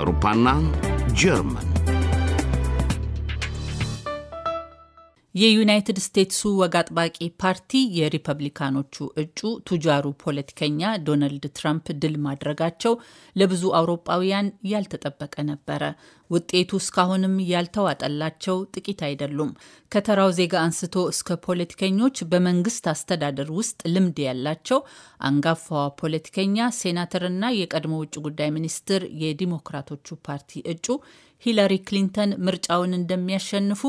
አውሮፓና ጀርመን የዩናይትድ ስቴትሱ ወግ አጥባቂ ፓርቲ የሪፐብሊካኖቹ እጩ ቱጃሩ ፖለቲከኛ ዶናልድ ትራምፕ ድል ማድረጋቸው ለብዙ አውሮጳውያን ያልተጠበቀ ነበረ። ውጤቱ እስካሁንም ያልተዋጠላቸው ጥቂት አይደሉም። ከተራው ዜጋ አንስቶ እስከ ፖለቲከኞች በመንግስት አስተዳደር ውስጥ ልምድ ያላቸው አንጋፋዋ ፖለቲከኛ ሴናተርና የቀድሞ ውጭ ጉዳይ ሚኒስትር የዲሞክራቶቹ ፓርቲ እጩ ሂለሪ ክሊንተን ምርጫውን እንደሚያሸንፉ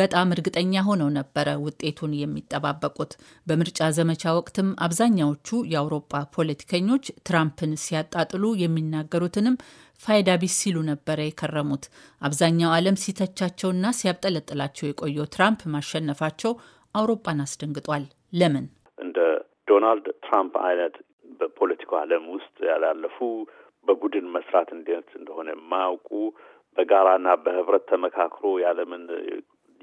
በጣም እርግጠኛ ሆነው ነበረ ውጤቱን የሚጠባበቁት። በምርጫ ዘመቻ ወቅትም አብዛኛዎቹ የአውሮፓ ፖለቲከኞች ትራምፕን ሲያጣጥሉ የሚናገሩትንም ፋይዳ ቢስ ሲሉ ነበረ የከረሙት። አብዛኛው ዓለም ሲተቻቸውና ሲያብጠለጥላቸው የቆየው ትራምፕ ማሸነፋቸው አውሮፓን አስደንግጧል። ለምን እንደ ዶናልድ ትራምፕ አይነት በፖለቲካው ዓለም ውስጥ ያላለፉ በቡድን መስራት እንዴት እንደሆነ የማያውቁ በጋራና በህብረት ተመካክሮ የዓለምን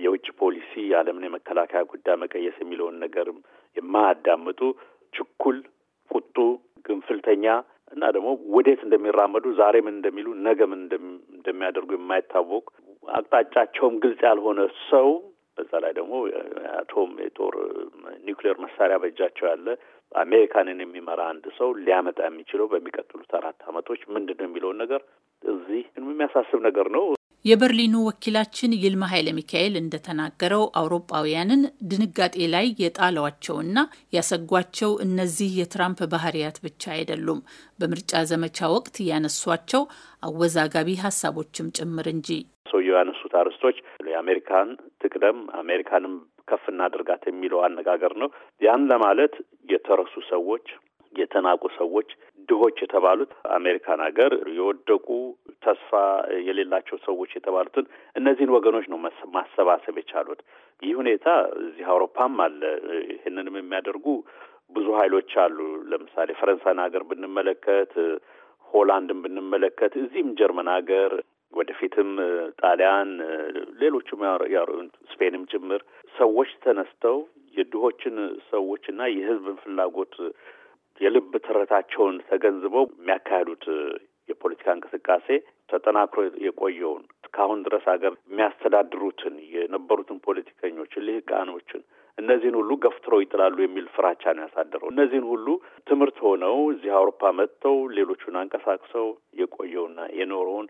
የውጭ ፖሊሲ የዓለምን የመከላከያ ጉዳይ መቀየስ የሚለውን ነገርም የማያዳምጡ ችኩል፣ ቁጡ፣ ግንፍልተኛ እና ደግሞ ወዴት እንደሚራመዱ ዛሬ ምን እንደሚሉ ነገ ምን እንደሚያደርጉ የማይታወቅ አቅጣጫቸውም ግልጽ ያልሆነ ሰው በዛ ላይ ደግሞ አቶም የጦር ኒውክሌር መሳሪያ በእጃቸው ያለ አሜሪካንን የሚመራ አንድ ሰው ሊያመጣ የሚችለው በሚቀጥሉት አራት ዓመቶች ምንድን ነው የሚለውን ነገር እዚህ የሚያሳስብ ነገር ነው። የበርሊኑ ወኪላችን ይልማ ኃይለ ሚካኤል እንደተናገረው አውሮጳውያንን ድንጋጤ ላይ የጣለዋቸውና ያሰጓቸው እነዚህ የትራምፕ ባህሪያት ብቻ አይደሉም፣ በምርጫ ዘመቻ ወቅት ያነሷቸው አወዛጋቢ ሀሳቦችም ጭምር እንጂ ሰውየው ያነሱት አርስቶች የአሜሪካን ትቅደም፣ አሜሪካንም ከፍ እናድርጋት የሚለው አነጋገር ነው። ያን ለማለት የተረሱ ሰዎች፣ የተናቁ ሰዎች፣ ድሆች የተባሉት አሜሪካን ሀገር የወደቁ ተስፋ የሌላቸው ሰዎች የተባሉትን እነዚህን ወገኖች ነው ማሰባሰብ የቻሉት። ይህ ሁኔታ እዚህ አውሮፓም አለ። ይህንንም የሚያደርጉ ብዙ ኃይሎች አሉ። ለምሳሌ ፈረንሳይን ሀገር ብንመለከት ሆላንድን ብንመለከት እዚህም ጀርመን ሀገር ወደፊትም ጣሊያን፣ ሌሎቹም ስፔንም ጭምር ሰዎች ተነስተው የድሆችን ሰዎችና የህዝብን ፍላጎት የልብ ትረታቸውን ተገንዝበው የሚያካሄዱት የፖለቲካ እንቅስቃሴ ተጠናክሮ የቆየውን እስካሁን ድረስ ሀገር የሚያስተዳድሩትን የነበሩትን ፖለቲከኞችን፣ ልሂቃኖችን እነዚህን ሁሉ ገፍትሮ ይጥላሉ የሚል ፍራቻ ነው ያሳደረው። እነዚህን ሁሉ ትምህርት ሆነው እዚህ አውሮፓ መጥተው ሌሎቹን አንቀሳቅሰው የቆየውና የኖረውን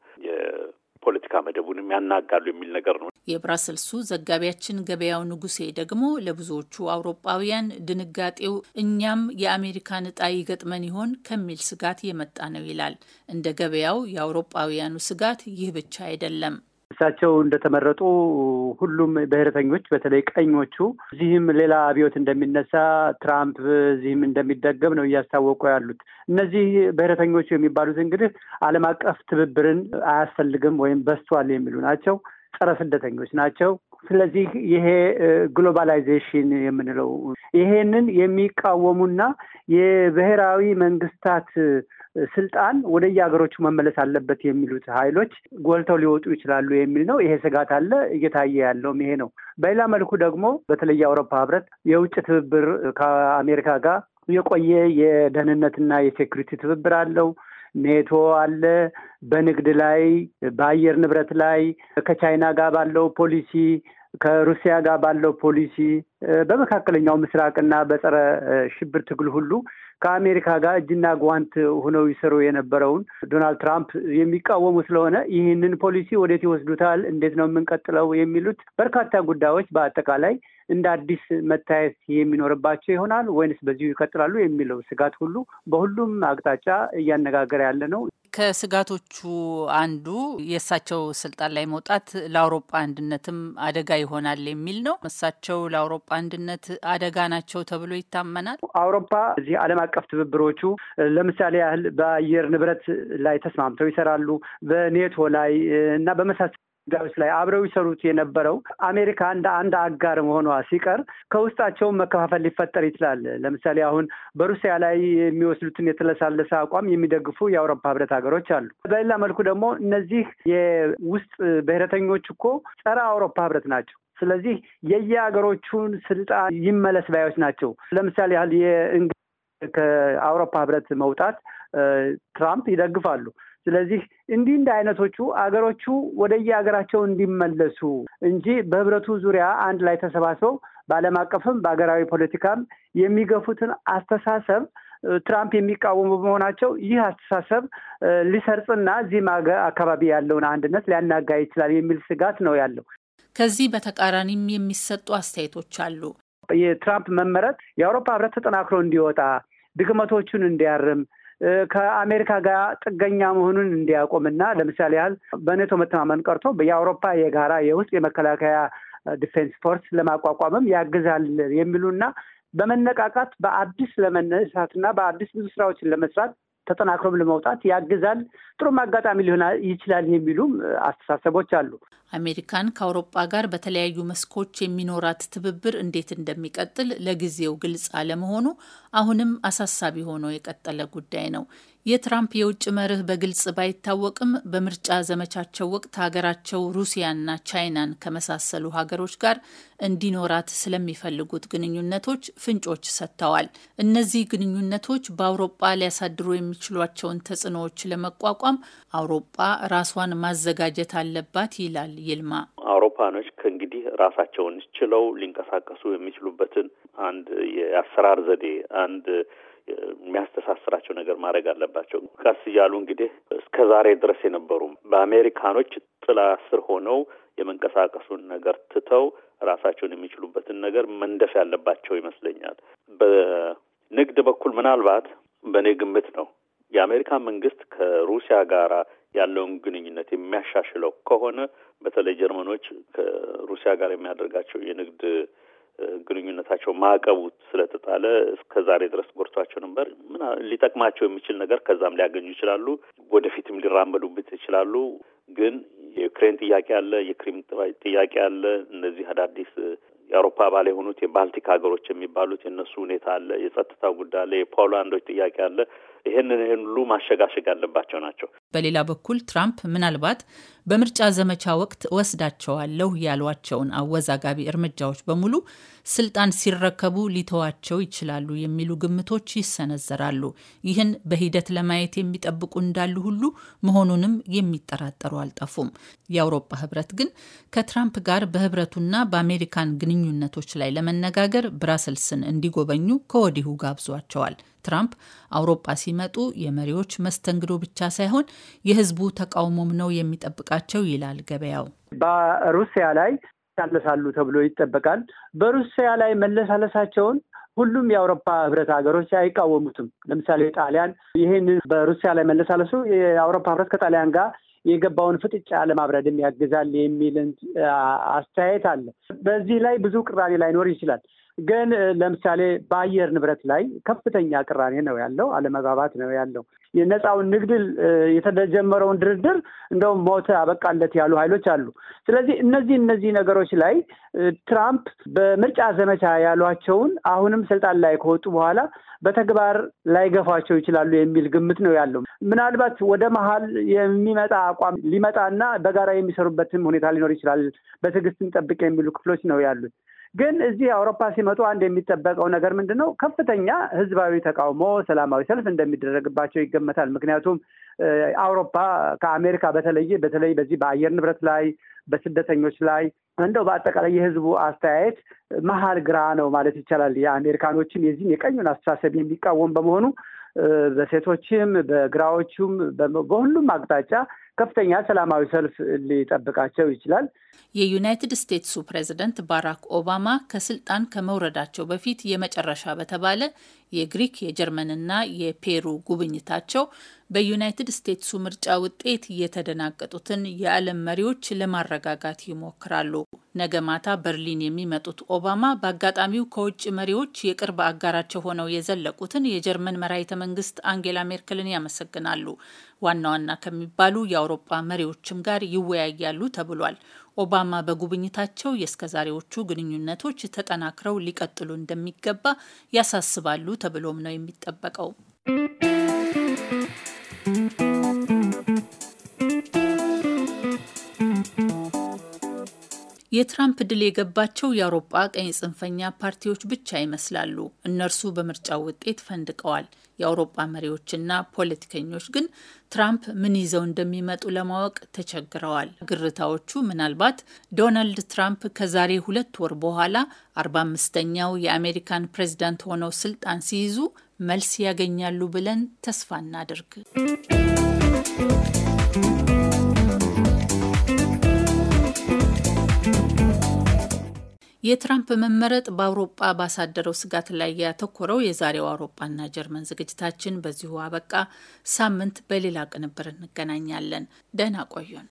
ፖለቲካ መደቡንም ያናጋሉ የሚል ነገር ነው። የብራሰልሱ ዘጋቢያችን ገበያው ንጉሴ ደግሞ ለብዙዎቹ አውሮፓውያን ድንጋጤው እኛም የአሜሪካን እጣ ይገጥመን ይሆን ከሚል ስጋት የመጣ ነው ይላል። እንደ ገበያው የአውሮፓውያኑ ስጋት ይህ ብቻ አይደለም። እሳቸው እንደተመረጡ ሁሉም ብሔረተኞች በተለይ ቀኞቹ እዚህም ሌላ አብዮት እንደሚነሳ ትራምፕ እዚህም እንደሚደገም ነው እያስታወቁ ያሉት። እነዚህ ብሔረተኞቹ የሚባሉት እንግዲህ ዓለም አቀፍ ትብብርን አያስፈልግም ወይም በስቷል የሚሉ ናቸው። ጸረ ስደተኞች ናቸው። ስለዚህ ይሄ ግሎባላይዜሽን የምንለው ይሄንን የሚቃወሙና የብሔራዊ መንግስታት ስልጣን ወደ የሀገሮቹ መመለስ አለበት የሚሉት ኃይሎች ጎልተው ሊወጡ ይችላሉ የሚል ነው። ይሄ ስጋት አለ። እየታየ ያለውም ይሄ ነው። በሌላ መልኩ ደግሞ በተለይ የአውሮፓ ህብረት የውጭ ትብብር ከአሜሪካ ጋር የቆየ የደህንነትና የሴኩሪቲ ትብብር አለው። ኔቶ አለ። በንግድ ላይ፣ በአየር ንብረት ላይ፣ ከቻይና ጋር ባለው ፖሊሲ፣ ከሩሲያ ጋር ባለው ፖሊሲ፣ በመካከለኛው ምስራቅና በጸረ ሽብር ትግል ሁሉ ከአሜሪካ ጋር እጅና ጓንት ሆነው ይሰሩ የነበረውን ዶናልድ ትራምፕ የሚቃወሙ ስለሆነ ይህንን ፖሊሲ ወዴት ይወስዱታል፣ እንዴት ነው የምንቀጥለው የሚሉት በርካታ ጉዳዮች በአጠቃላይ እንደ አዲስ መታየት የሚኖርባቸው ይሆናል ወይንስ በዚሁ ይቀጥላሉ የሚለው ስጋት ሁሉ በሁሉም አቅጣጫ እያነጋገረ ያለ ነው። ከስጋቶቹ አንዱ የእሳቸው ስልጣን ላይ መውጣት ለአውሮፓ አንድነትም አደጋ ይሆናል የሚል ነው። እሳቸው ለአውሮፓ አንድነት አደጋ ናቸው ተብሎ ይታመናል። አውሮፓ እዚህ ዓለም አቀፍ ትብብሮቹ ለምሳሌ ያህል በአየር ንብረት ላይ ተስማምተው ይሰራሉ፣ በኔቶ ላይ እና በመሳሰሉ ጉዳዮች ላይ አብረው ይሰሩት የነበረው አሜሪካ እንደ አንድ አጋር መሆኗ ሲቀር ከውስጣቸውን መከፋፈል ሊፈጠር ይችላል። ለምሳሌ አሁን በሩሲያ ላይ የሚወስዱትን የተለሳለሰ አቋም የሚደግፉ የአውሮፓ ህብረት ሀገሮች አሉ። በሌላ መልኩ ደግሞ እነዚህ የውስጥ ብሔረተኞች እኮ ጸረ አውሮፓ ህብረት ናቸው። ስለዚህ የየሀገሮቹን ስልጣን ይመለስ ባዮች ናቸው። ለምሳሌ ያህል የእንግ ከአውሮፓ ህብረት መውጣት ትራምፕ ይደግፋሉ። ስለዚህ እንዲህ እንደ አይነቶቹ አገሮቹ ወደየ ሀገራቸው እንዲመለሱ እንጂ በህብረቱ ዙሪያ አንድ ላይ ተሰባስበው በዓለም አቀፍም በሀገራዊ ፖለቲካም የሚገፉትን አስተሳሰብ ትራምፕ የሚቃወሙ በመሆናቸው ይህ አስተሳሰብ ሊሰርጽና እዚህም አካባቢ ያለውን አንድነት ሊያናጋ ይችላል የሚል ስጋት ነው ያለው። ከዚህ በተቃራኒም የሚሰጡ አስተያየቶች አሉ። የትራምፕ መመረጥ የአውሮፓ ህብረት ተጠናክሮ እንዲወጣ ድክመቶቹን እንዲያርም ከአሜሪካ ጋር ጥገኛ መሆኑን እንዲያቆምና ለምሳሌ ያህል በኔቶ መተማመን ቀርቶ የአውሮፓ የጋራ የውስጥ የመከላከያ ዲፌንስ ፎርስ ለማቋቋምም ያግዛል የሚሉና በመነቃቃት በአዲስ ለመነሳትና በአዲስ ብዙ ስራዎችን ለመስራት ተጠናክሮም ለመውጣት ያግዛል፣ ጥሩም አጋጣሚ ሊሆን ይችላል የሚሉም አስተሳሰቦች አሉ። አሜሪካን ከአውሮጳ ጋር በተለያዩ መስኮች የሚኖራት ትብብር እንዴት እንደሚቀጥል ለጊዜው ግልጽ አለመሆኑ አሁንም አሳሳቢ ሆኖ የቀጠለ ጉዳይ ነው። የትራምፕ የውጭ መርህ በግልጽ ባይታወቅም በምርጫ ዘመቻቸው ወቅት ሀገራቸው ሩሲያና ቻይናን ከመሳሰሉ ሀገሮች ጋር እንዲኖራት ስለሚፈልጉት ግንኙነቶች ፍንጮች ሰጥተዋል። እነዚህ ግንኙነቶች በአውሮጳ ሊያሳድሩ የሚችሏቸውን ተጽዕኖዎች ለመቋቋም አውሮጳ ራሷን ማዘጋጀት አለባት ይላል ይልማ። አውሮፓኖች ከእንግዲህ ራሳቸውን ችለው ሊንቀሳቀሱ የሚችሉበትን አንድ የአሰራር ዘዴ አንድ የሚያስተሳስራቸው ነገር ማድረግ አለባቸው። ቀስ እያሉ እንግዲህ እስከ ዛሬ ድረስ የነበሩም በአሜሪካኖች ጥላ ስር ሆነው የመንቀሳቀሱን ነገር ትተው ራሳቸውን የሚችሉበትን ነገር መንደፍ ያለባቸው ይመስለኛል። በንግድ በኩል ምናልባት በእኔ ግምት ነው የአሜሪካ መንግስት ከሩሲያ ጋር ያለውን ግንኙነት የሚያሻሽለው ከሆነ በተለይ ጀርመኖች ከሩሲያ ጋር የሚያደርጋቸው የንግድ ግንኙነታቸው ማዕቀቡ ስለተጣለ እስከ ዛሬ ድረስ ጎርቷቸው ነበር። ምን ሊጠቅማቸው የሚችል ነገር ከዛም ሊያገኙ ይችላሉ። ወደፊትም ሊራመዱበት ይችላሉ። ግን የዩክሬን ጥያቄ አለ፣ የክሪም ጥያቄ አለ። እነዚህ አዳዲስ የአውሮፓ አባል የሆኑት የባልቲክ ሀገሮች የሚባሉት የእነሱ ሁኔታ አለ፣ የጸጥታው ጉዳይ አለ፣ የፖላንዶች ጥያቄ አለ። ይህንን ይህን ሁሉ ማሸጋሸግ ያለባቸው ናቸው። በሌላ በኩል ትራምፕ ምናልባት በምርጫ ዘመቻ ወቅት ወስዳቸዋለሁ ያሏቸውን አወዛጋቢ እርምጃዎች በሙሉ ስልጣን ሲረከቡ ሊተዋቸው ይችላሉ የሚሉ ግምቶች ይሰነዘራሉ። ይህን በሂደት ለማየት የሚጠብቁ እንዳሉ ሁሉ መሆኑንም የሚጠራጠሩ አልጠፉም። የአውሮፓ ህብረት ግን ከትራምፕ ጋር በህብረቱና በአሜሪካን ግንኙነቶች ላይ ለመነጋገር ብራሰልስን እንዲጎበኙ ከወዲሁ ጋብዟቸዋል። ትራምፕ አውሮፓ ሲመጡ የመሪዎች መስተንግዶ ብቻ ሳይሆን የህዝቡ ተቃውሞም ነው የሚጠብቃቸው ይላል ገበያው። በሩሲያ ላይ ይመላለሳሉ ተብሎ ይጠበቃል። በሩሲያ ላይ መለሳለሳቸውን ሁሉም የአውሮፓ ህብረት ሀገሮች አይቃወሙትም። ለምሳሌ ጣሊያን ይህንን በሩሲያ ላይ መለሳለሱ የአውሮፓ ህብረት ከጣሊያን ጋር የገባውን ፍጥጫ ለማብረድም ያግዛል የሚል አስተያየት አለ። በዚህ ላይ ብዙ ቅራኔ ላይኖር ይችላል። ግን ለምሳሌ በአየር ንብረት ላይ ከፍተኛ ቅራኔ ነው ያለው፣ አለመግባባት ነው ያለው። የነፃውን ንግድ የተጀመረውን ድርድር እንደውም ሞተ አበቃለት ያሉ ኃይሎች አሉ። ስለዚህ እነዚህ እነዚህ ነገሮች ላይ ትራምፕ በምርጫ ዘመቻ ያሏቸውን አሁንም ስልጣን ላይ ከወጡ በኋላ በተግባር ላይገፏቸው ይችላሉ የሚል ግምት ነው ያለው። ምናልባት ወደ መሀል የሚመጣ አቋም ሊመጣና በጋራ የሚሰሩበትም ሁኔታ ሊኖር ይችላል። በትዕግስት እንጠብቅ የሚሉ ክፍሎች ነው ያሉት። ግን እዚህ አውሮፓ ሲመጡ አንድ የሚጠበቀው ነገር ምንድን ነው? ከፍተኛ ህዝባዊ ተቃውሞ፣ ሰላማዊ ሰልፍ እንደሚደረግባቸው ይገመታል። ምክንያቱም አውሮፓ ከአሜሪካ በተለየ በተለይ በዚህ በአየር ንብረት ላይ በስደተኞች ላይ እንደው በአጠቃላይ የህዝቡ አስተያየት መሀል ግራ ነው ማለት ይቻላል። የአሜሪካኖችን የዚህም የቀኙን አስተሳሰብ የሚቃወም በመሆኑ በሴቶችም በግራዎቹም በሁሉም አቅጣጫ ከፍተኛ ሰላማዊ ሰልፍ ሊጠብቃቸው ይችላል። የዩናይትድ ስቴትሱ ፕሬዝደንት ባራክ ኦባማ ከስልጣን ከመውረዳቸው በፊት የመጨረሻ በተባለ የግሪክ የጀርመንና የፔሩ ጉብኝታቸው በዩናይትድ ስቴትሱ ምርጫ ውጤት የተደናገጡትን የዓለም መሪዎች ለማረጋጋት ይሞክራሉ። ነገ ማታ በርሊን የሚመጡት ኦባማ በአጋጣሚው ከውጭ መሪዎች የቅርብ አጋራቸው ሆነው የዘለቁትን የጀርመን መራሂተ መንግስት አንጌላ ሜርክልን ያመሰግናሉ። ዋና ዋና ከሚባሉ የአውሮፓ መሪዎችም ጋር ይወያያሉ ተብሏል። ኦባማ በጉብኝታቸው የእስከዛሬዎቹ ግንኙነቶች ተጠናክረው ሊቀጥሉ እንደሚገባ ያሳስባሉ ተብሎም ነው የሚጠበቀው። የትራምፕ ድል የገባቸው የአውሮጳ ቀኝ ጽንፈኛ ፓርቲዎች ብቻ ይመስላሉ። እነርሱ በምርጫው ውጤት ፈንድቀዋል። የአውሮጳ መሪዎችና ፖለቲከኞች ግን ትራምፕ ምን ይዘው እንደሚመጡ ለማወቅ ተቸግረዋል። ግርታዎቹ ምናልባት ዶናልድ ትራምፕ ከዛሬ ሁለት ወር በኋላ አርባ አምስተኛው የአሜሪካን ፕሬዝዳንት ሆነው ስልጣን ሲይዙ መልስ ያገኛሉ ብለን ተስፋ እናድርግ። የትራምፕ መመረጥ በአውሮጳ ባሳደረው ስጋት ላይ ያተኮረው የዛሬው አውሮጳና ጀርመን ዝግጅታችን በዚሁ አበቃ። ሳምንት በሌላ ቅንብር እንገናኛለን። ደህና ቆዩን።